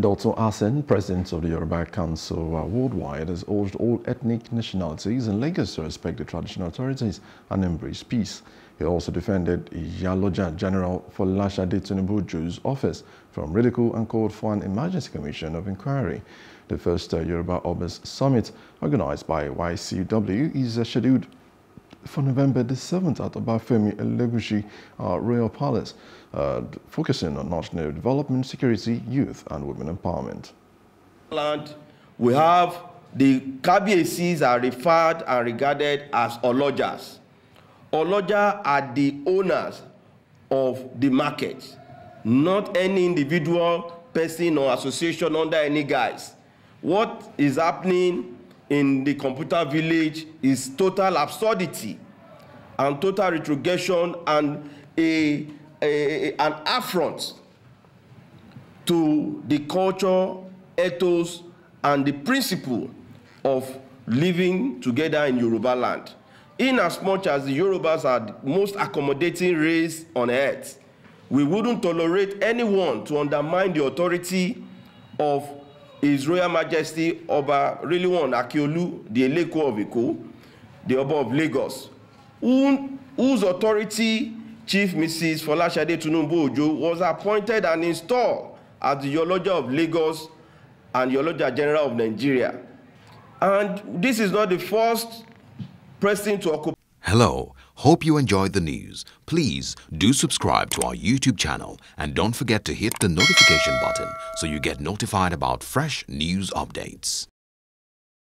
Dr. Asen, President of the Yoruba Council uh, Worldwide, has urged all ethnic nationalities in Lagos to respect the traditional authorities and embrace peace. He also defended Yaloja General Folashade Tinubu Jew's office from ridicule and called for an emergency commission of inquiry. The first uh, Yoruba Obas Summit, organized by YCW, is uh, scheduled for November the 7th at Obafemi Elegushi uh, Royal Palace, uh, focusing on national development, security, youth and women empowerment. Land, we have the KBACs are referred and regarded as ologers. Ologer are the owners of the market, not any individual person or association under any guise. What is happening in the computer village is total absurdity. and total retrogression and a, a, a, an affront to the culture, ethos, and the principle of living together in Yoruba land. In as the Yorubas are the most accommodating race on earth, we wouldn't tolerate anyone to undermine the authority of His Royal Majesty Oba Riliwon Akiolu, the Eleko of Iko, the Oba of Lagos, whose authority Chief Mrs. Folashade Tunumbu Ojo was appointed and installed as the geologist of Lagos and Yoloja General of Nigeria. And this is not the first person to occupy. Hello, hope you enjoyed the news. Please do subscribe to our YouTube channel and don't forget to hit the notification button so you get notified about fresh news updates.